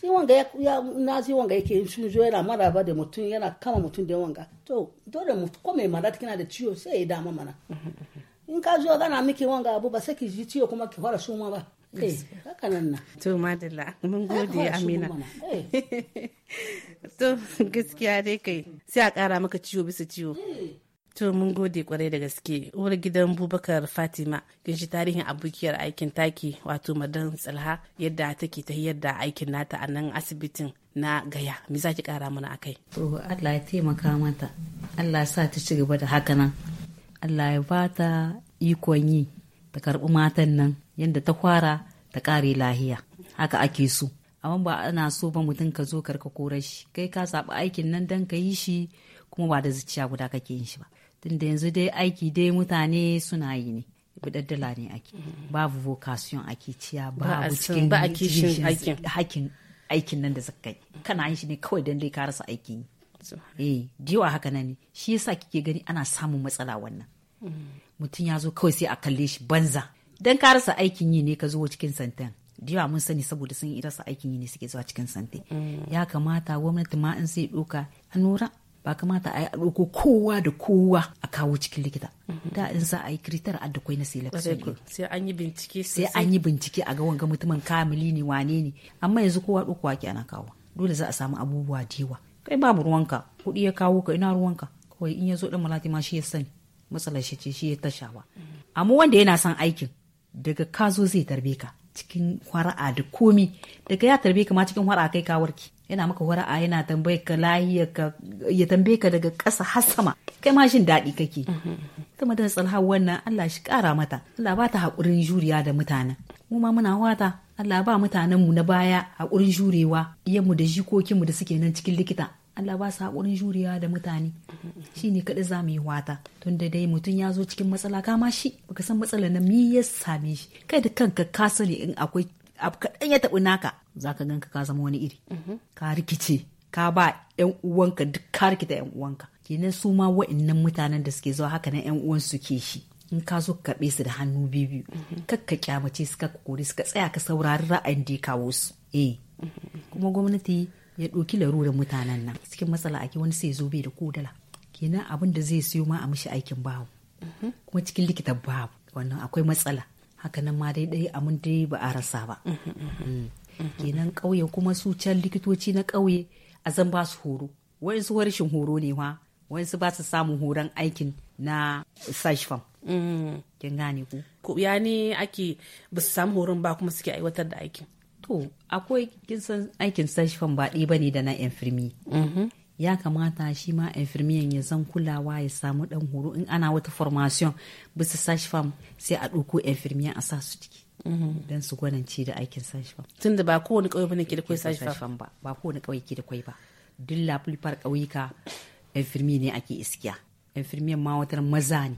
shi wanga ya na ji wanga yake sun zo yana maraba da mutum yana kama mutum da wanga to dole mu ko mai mara kina da ciwo sai ya dama mana in ka zo gana miki wanga abu ba sai ki ji ciwo kuma ki fara suma ba Eh, to madalla mun gode amina eh. to gaskiya dai kai sai a kara maka ciwo bisa ciwo eh. To mun gode kwarai da gaske. Uwar gidan Bubakar Fatima kin shi tarihin abokiyar aikin taki wato madan tsalha yadda take ta yadda aikin nata a nan asibitin na gaya. Me za ki kara mana akai? To Allah ya taimaka mata. Allah ya sa ta ci gaba da haka nan. Allah ya bata ikon yi ta karɓi matan nan yadda ta fara ta ƙare lahiya haka ake so amma ba ana so ba mutum ka zo karka kore shi kai ka zaɓi aikin nan dan ka yi shi kuma ba da zuciya guda kake yin shi ba tunda yanzu dai aiki dai mutane suna yi ne bidaddala ne ake babu vocation ake ciya babu cikin ba a kishin aikin nan da zaka yi kana yin shi ne kawai dan dai ka rasa aikin yi eh diwa haka nan ne shi yasa kike gani ana samun matsala wannan mm. mutum ya zo kawai sai a kalle shi banza dan ka rasa aikin yi ne ka zo cikin santan da mun sani saboda sun rasa aikin yi ne suke zuwa cikin santai ya kamata gwamnati ma in sai doka a nura ba kamata a yi a doko kowa da kowa a kawo cikin likita da in sa a yi kiritar a dakwai na selection sai an yi bincike sai an yi bincike a ga mutumin kamili ne wane ne amma yanzu kowa doko wake ana kawo dole za a samu abubuwa da yawa kai babu ruwanka kuɗi ya kawo ka ina ruwanka kawai in ya zo ɗan malati ma shi ya sani matsalar shi ce shi ya tashawa amma wanda yana son aikin daga ka zo zai tarbe ka cikin fara'a da komi daga ya tarbe ka ma cikin fara'a kai ka warki yana maka wara'a yana tambaye ka lahiyar ka ya tambaye ka daga ƙasa har sama kai ma shin daɗi kake ta mm-hmm. madan tsalha wannan Allah shi ƙara mata Allah ba ta haƙurin juriya da mutanen mu ma muna wata Allah ba mutanen mu na baya haƙurin jurewa iyanmu da jikokinmu da suke nan cikin likita Allah ba su haƙurin juriya da mutane shi ne kaɗai za mu yi wata tun da dai mutum ya zo cikin matsala kama shi baka san matsala na mi ya same shi kai da kanka ka sani in akwai abu kaɗan ya taɓi naka za ka ganka ka zama wani iri ka rikice ka ba yan uwanka duk ka rikita yan uwanka kenan su ma wa'annan mutanen da suke zuwa haka na yan uwansu ke shi in ka zo ka kaɓe su da hannu biyu kakka kyamace su kakka kori suka tsaya ka saurari ra'ayin da ya kawo su eh kuma gwamnati ya ɗauki larurar mutanen nan cikin matsala ake wani sai zo bai da kodala kenan abin da zai siyo ma a mishi aikin babu mhm. kuma cikin likitan babu wannan akwai matsala hakanan ma dai dai amin dai ba a rasa ba mhm, mhm, mm. kenan ƙauye kuma su can likitoci na ƙauye a zan ba su horo wayansu harshen horo ne wa wayansu ba su samun horon aikin na sashfam mm. kin gane ku ya ne ake ba su samu horon ba kuma suke aiwatar da aikin to akwai kinsan aikin sashifan ba ne da na infirmi mhm. ya kamata shi ma infirmiyan ya zan kulawa ya samu dan horo in ana wata formation bisa sashifan sai a ɗauko infirmiyan a sa su ciki mhm. don su gwanance da aikin sashifan. tun da ba kowane ƙauye ne ke da kwai sashifan ba ba kowane ƙauye ke da kwai ba duk lafulfar ƙauyuka infirmi ne ake iskiya infirmiyan ma wata maza ne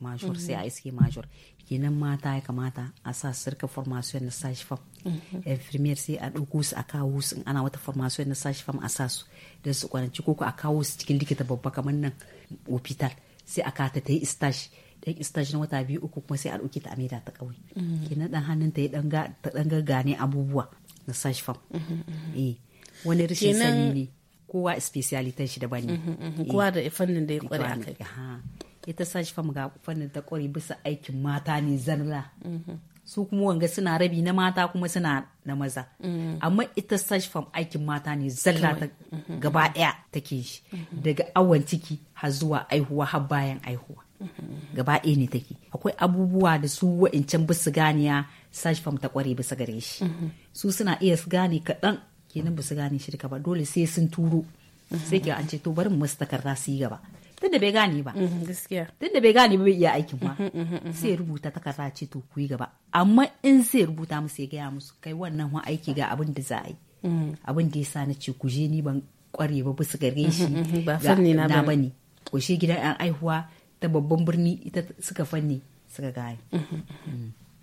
major mhm. sai a iske major kenan mata ya kamata a sa sirka formation na sashi fam mhm. infirmiyar sai a ɗauko su a kawo su in ana wata formation na sashi fam a sa su don su kwananci ko a kawo su cikin likita babba kamar nan hospital sai a kata ta yi stash ɗan stage na wata biyu uku kuma sai a ɗauki ta amida ta ƙauye mhm. kenan ɗan hannun ta yi ɗan gaggane abubuwa na sashi fam mhm, eh, wani rashin sani ne kowa specialitan shi daban ne eh. kowa da fannin da ya kware eh, kai ita ta sashi famu ga fannin ta kware bisa aikin mata ne zalla su kuma wanga suna rabi na mata kuma suna na maza amma ita sashi fam aikin mata ne zalla ta gaba daya take shi daga awon ciki har zuwa aihuwa har bayan aihuwa gaba daya ne take akwai abubuwa da su wa'incan bisu ganiya sashi fam ta kware bisa gare shi su suna iya su gane kaɗan kenan bisu gane shi ba dole sai sun turo sai ke an ce to bari mu masu takarda su yi gaba duk da bai gane ba mhm, gaskiya duk da bai gane ba bai iya aikin ba. Mhm, mhm, sai rubuta takarda ce to kuyi gaba amma in sai rubuta musu ya gaya musu kai wannan wa aiki ga abin da za a yi abin da ya sa na ce ku je ni ban kware ba bisa gare shi ba fanni na ba bane shi gidan yan aihuwa ta babban birni ita suka fanni suka gane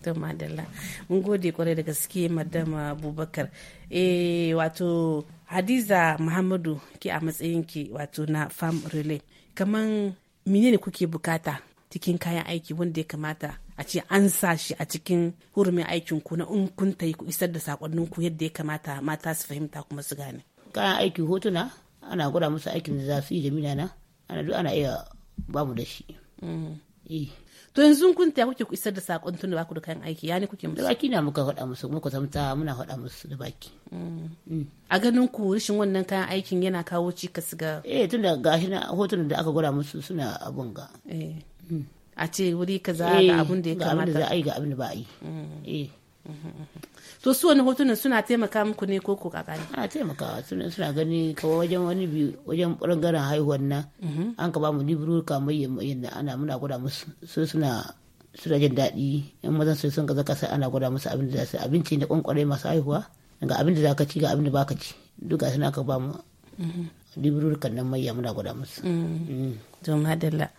to madalla mun gode kwarai da gaske madama abubakar eh wato hadiza muhammadu ke a matsayin ki wato na farm relay kaman menene kuke bukata cikin kayan aiki wanda ya kamata a ce an sa shi a cikin hurumin aikin ku na in kun ta ku isar da sakonnin ku yadda ya kamata mata su fahimta kuma su gane kayan aiki hotuna ana gwada musu aikin da za su yi da mina na ana duk ana iya babu da shi mm. eh. to yanzu kun ta kuke isar da sakon tun da baku da kayan aiki ya ne kuke musu baki na muka faɗa musu muka zamta muna faɗa musu da baki mm. Mm. a ganin ku rashin wannan kayan aikin yana kawo cikas ga eh tun da gashi na hotunan da aka gwada musu suna abun ga eh mm. a ce wuri kaza ga eh, abun da ya kamata ga abin da za a yi ga abin da ba a yi eh mm-hmm. to su wani hotunan suna taimaka muku ne ko ko gani ana taimaka suna suna gani kawai wajen wani biyu wajen ɓangaren haihuwar nan mhm. an ka ba mu liburu kamar yadda ana muna gwada musu su suna suna jin daɗi yan mazan su sun ka zaka sai ana gwada musu abin da za su abinci na kwankware masu haihuwa ga abin da za ka ci ga abin da ba ka ci duk ga suna ka ba mu mhm. liburu kan nan mayya muna gwada musu. don mm. mm. madalla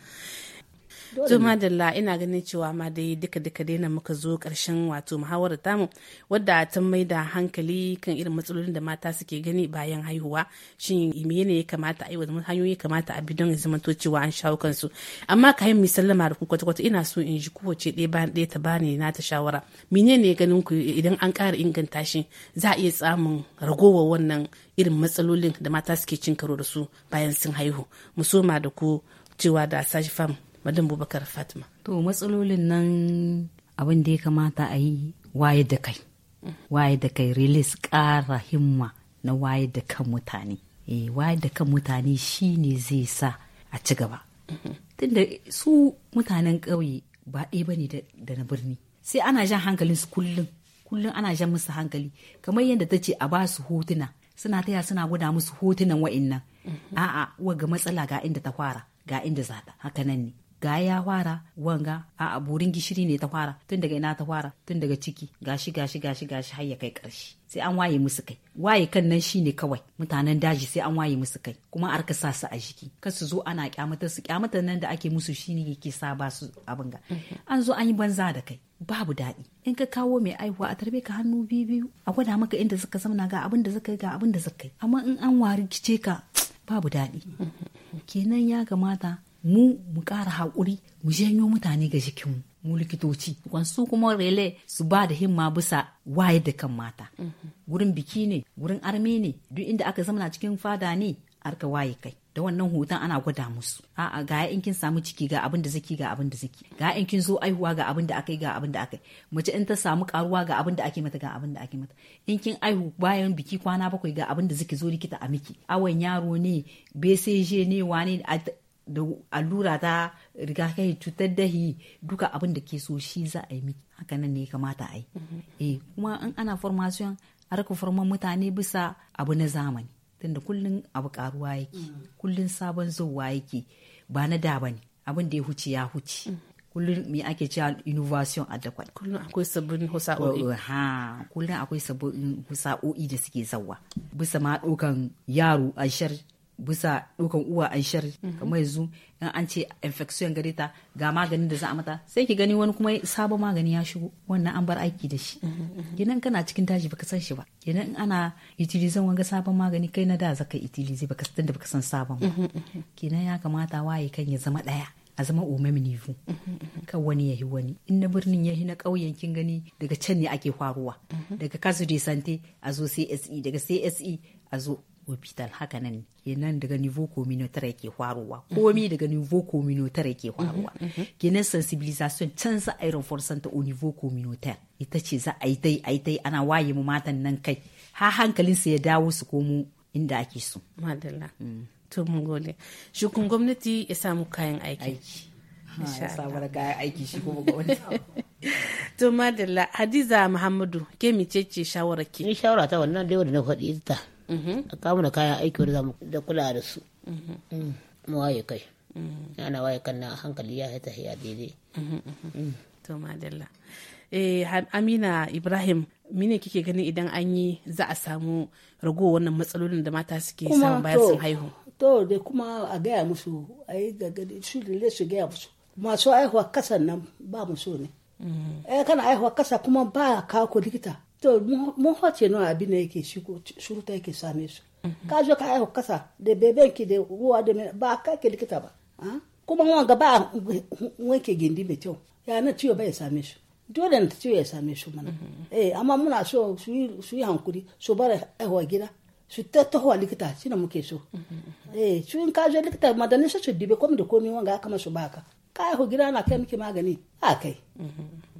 to madalla ina ganin cewa ma dai duka duka dai na muka zo karshen wato muhawarar tamu wadda ta mai da hankali kan irin matsalolin da mata suke gani bayan haihuwa shin ne ya kamata a yi wani hanyoyi kamata a bi don ya zama cewa an shawo kansu amma ka yi misallama da ku kwata ina so in ji kowace ɗaya bayan ɗaya ta bani na ta shawara ne ganin ku idan an ƙara inganta shi za a iya samun ragowar wannan irin matsalolin da mata suke cin karo da su bayan sun haihu musoma da ku cewa da sashi fam madan bubakar fatima to matsalolin nan abin da ya kamata a yi waye da kai waye da kai release ƙara himma na waye da kan mutane eh waye da kan mutane shine zai sa a ci gaba tunda su mutanen ƙauye ba ɗaya bane da na birni sai ana jan hankalin su kullum kullum ana jan musu hankali kamar yadda ta ce a ba su hotuna suna taya suna gwada musu hotunan wa'innan a'a wa ga matsala ga inda ta fara ga inda zata haka nan ne ga ya fara wanga a burin gishiri ne ta fara tun daga ina ta fara tun daga ciki gashi gashi gashi gashi har ya kai karshe sai an waye musu kai waye kan nan shine kawai mutanen daji sai an waye musu kai kuma arka sa su a jiki kar su zo ana kyamatar su kyamatar nan da ake musu shine yake sa ba su abin ga mhm. an zo an yi banza da kai babu daɗi in ka kawo mai aihuwa a tarbe ka hannu biyu biyu a gwada maka inda suka zauna ga abin da suka yi ga abin da suka yi amma in an wari kice ka babu daɗi mhm. kenan ya kamata mu mu ƙara haƙuri mu janyo mutane ga jikinmu mu likitoci su kuma rele su ba da himma bisa waye da kan mata gurin mhm. biki ne gurin arme ne duk inda aka zama cikin fada ne arka waye kai da wannan hoton ana gwada musu a'a ga in kin samu ciki ga abin da zaki ga abin da zaki ga in kin zo aihuwa ga abin da akai ga abin da akai mace in ta samu karuwa ga abin da ake mata ga abin da ake mata in kin aihu bayan biki kwana bakwai ga abin da zaki zo likita a miki awon yaro ne bcg ne wane da allura ta kai cutar dahi duka abin da ke so shi za a yi miki hakanan ne ya kamata a yi eh kuma in ana formation a raka forman mutane bisa abu na zamani tunda kullun abu karuwa yake kullun sabon zuwa yake ba na da bane abin da ya huce ya huce kullum me ake cewa innovation adequate kullum akwai sabbin husa'o'i oh, ha kullum akwai sabbin husa'o'i da suke zawa bisa ma dokan yaro a shar bisa dukan uwa an shari mhm. kamar yanzu in an ce infection gare ta ga maganin da za a mata sai ki gani wani kuma sabon magani ya shigo wannan an bar aiki da shi idan mhm, mhm, kana cikin daji baka san shi ba idan in ana utilizan wanga sabon magani kai na da zaka utilize baka san da baka san sabon ba kenan ya kamata waye kan ya zama daya a zama umemi nivu kan wani ya yi wani in na birnin ya yi na ƙauyen kin gani daga can ne ake faruwa daga kasu de sante a zo CSE daga CSE a zo hospital haka nan nan daga nivo communautaire yake faruwa komi mhm. daga nivo communautaire yake mhm, faruwa mhm. kenan sensibilisation can za a yi ta au nivo communautaire ita ce za a yi yi a yi tai ana waye mu matan nan kai ha su ya dawo su komo inda ake so madalla mm. to mun gode shi kun gwamnati ya samu kayan aiki ya samu kayan aiki shi kuma gwamnati to madalla hadiza muhammadu ke mi ce shawara ke ni shawara ta wannan dai wanda na faɗi ita Mm-hmm. a kamu da kayan aiki wani zamu da kula da su mm-hmm. mm. mu waye kai mm-hmm. ana waye kan na hankali ya haita ya daidai mm. to madalla eh amina ibrahim mine kike gani idan an yi za a samu ragowar wannan matsalolin da mata suke samu bayan sun haihu to da kuma a gaya musu a yi gagadi su da su gaya musu masu aihuwa kasa nan ba mu so ne eh kana aihuwa kasa kuma ba kako likita to mun hoce no abin da yake shuruta yake same su mhm. ka zo ka haihu kasa da beben ki da ruwa da ba ka ke likita ba kuma wanga ba wanke gindi mai kyau ya na ciwo bai e same su dole na ciwo ya e same su mana mhm. eh amma muna so su yi hankuri su bar e haihuwa gida su ta tahowa likita shi ne muke so eh su in ka zo likita madanin su dibe kom da komi wanga aka masu baka ka haihu gida na kai muke magani a kai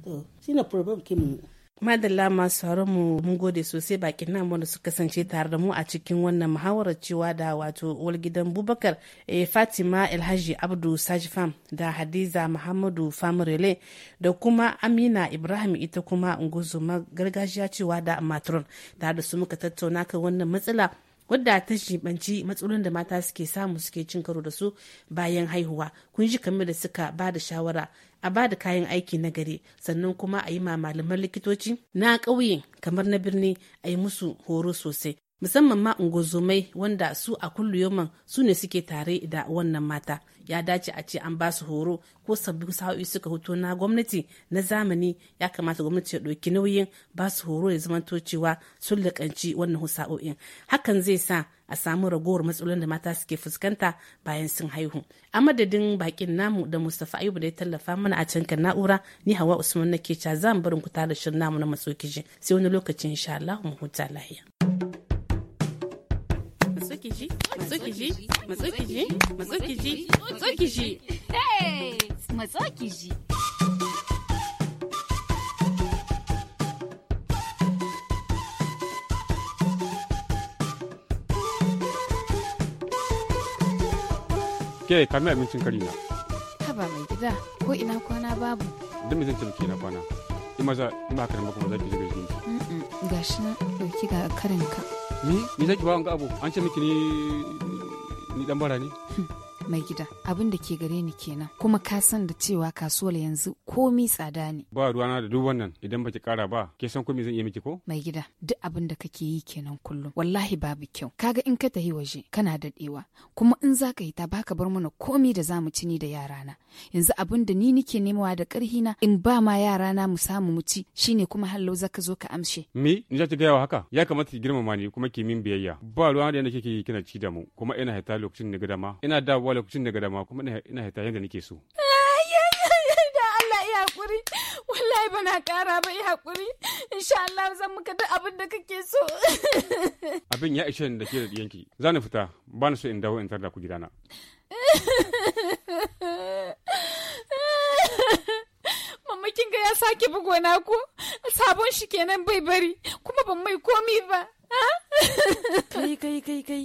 to shi ne problem ke mu madalla masu mu mun gode sosai bakin nan wanda su kasance tare da mu a cikin wannan muhawarar cewa da wato walgidan bubakar e, fatima alhaji abdu sajifam da hadiza muhammadu famurele da kuma amina ibrahim ita kuma unguzuma gargajiya cewa da matron tare da su muka tattauna kan wannan matsala wadda ta jibanci matsalolin da mata suke samu suke cin karo da su bayan haihuwa kun ji kamar da suka ba da shawara a ba da kayan aiki na gari sannan kuma a yi ma malaman likitoci na ƙauye kamar na birni a yi musu horo sosai musamman ma ungozomai wanda su a kulliyoman su ne suke tare da wannan mata ya dace a ce an ba su horo ko sabbin sa'o'i suka hoto na gwamnati na zamani ya kamata gwamnati ya ɗauki nauyin ba su horo ya zamanto cewa sun laƙanci wannan sa'o'in hakan zai sa a samu ragowar matsalolin da mata suke fuskanta bayan sun haihu a madadin bakin namu da mustapha ayuba da ya tallafa mana a can kan na'ura ni hawa usman nake ca zan barin ku tare shirin namu na maso sai wani lokacin insha Allah mu huta lahiya matsukiji matsukiji ke kami abincin kari na haba mai gida ko ina kwana babu duk mutum muke na kwana in maza in ba karin baka maza ki zuga jikin ki gashi na dauki ga karin ka ni ni zaki ba wani abu an ce miki ni ni bara ne hmm. mai gida abin da ke gare ni kenan kuma ka san da cewa kasuwar yanzu komi tsada ne ba ruwana da duk wannan idan baki kara ba ke san komi zan iya miki ko mai gida duk abin da kake yi kenan kullum wallahi babu kyau kaga in ka tahi waje kana dadewa kuma in za ka yi ta baka bar mana komi da zamu ci ni da yara na yanzu abin da ni nike nemawa da karhi na in ba ma yarana mu samu mu ci shine kuma hallo ka zo ka amshe me in za ta gaya wa haka ya kamata ki girmama ni kuma ki min biyayya ba ruwana da yanda kike kina ci da mu kuma ina haita lokacin ni gida ma ina dawowa lokacin daga dama kuma ina hita yadda nake so. Da Allah ya haƙuri, wallahi bana kara ba ya haƙuri, insha Allah zan muka duk abin da kake so. Abin ya ishe da ke da ɗiyanki, za ni fita, ba so in dawo in tarda ku gidana. Mamakin ga ya sake bugona ko, sabon shi kenan bai bari, kuma ban mai komi ba. kai kai kai kai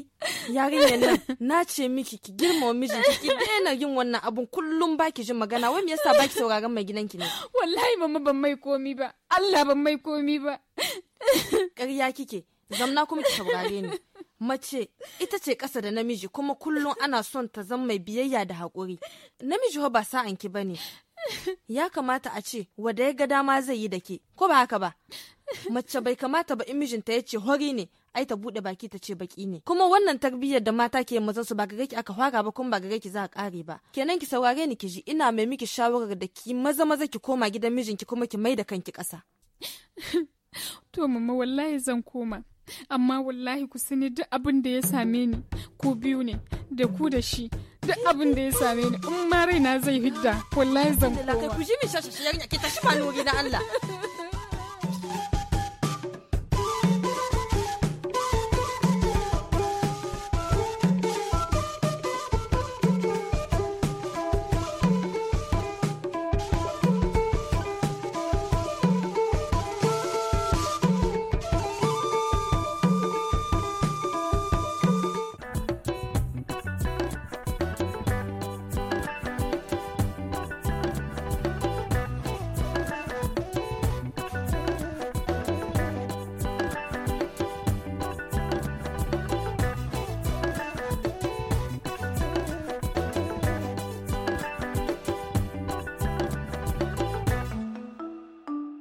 nan na ce miki ki girma mijinki ki daina yin wannan abun kullum baki jin magana wai me yasa baki sauraron mai gidanki ne wallahi mama ban mai komi ba Allah ban mai komi ba ƙarya kike zamna kuma ki saurare ni mace ita ce ƙasa da namiji kuma kullum ana son ta zama mai biyayya da haƙuri namiji ba sa'anki bane ya kamata a ce wada ya ga dama zai yi da ke ko ba haka ba mace bai kamata ba in mijinta ya ce hori ne ai ta bude baki ta ce baki ne kuma wannan tarbiyyar da mata ke mazan su ba ga gaki aka fara ba kuma ba ga gaki za a kare ba kenan ki saurare ni ki ji ina mai miki shawarar da ki maza maza ki koma gidan mijinki kuma ki mai da kanki ƙasa. to mama wallahi zan koma amma wallahi ku sani duk abin da ya same ni ku biyu ne da ku da shi duk abin da ya same ni in ma raina zai hidda wallahi zan koma. ku ji min shashashiyar ki tashi ma nuri na Allah.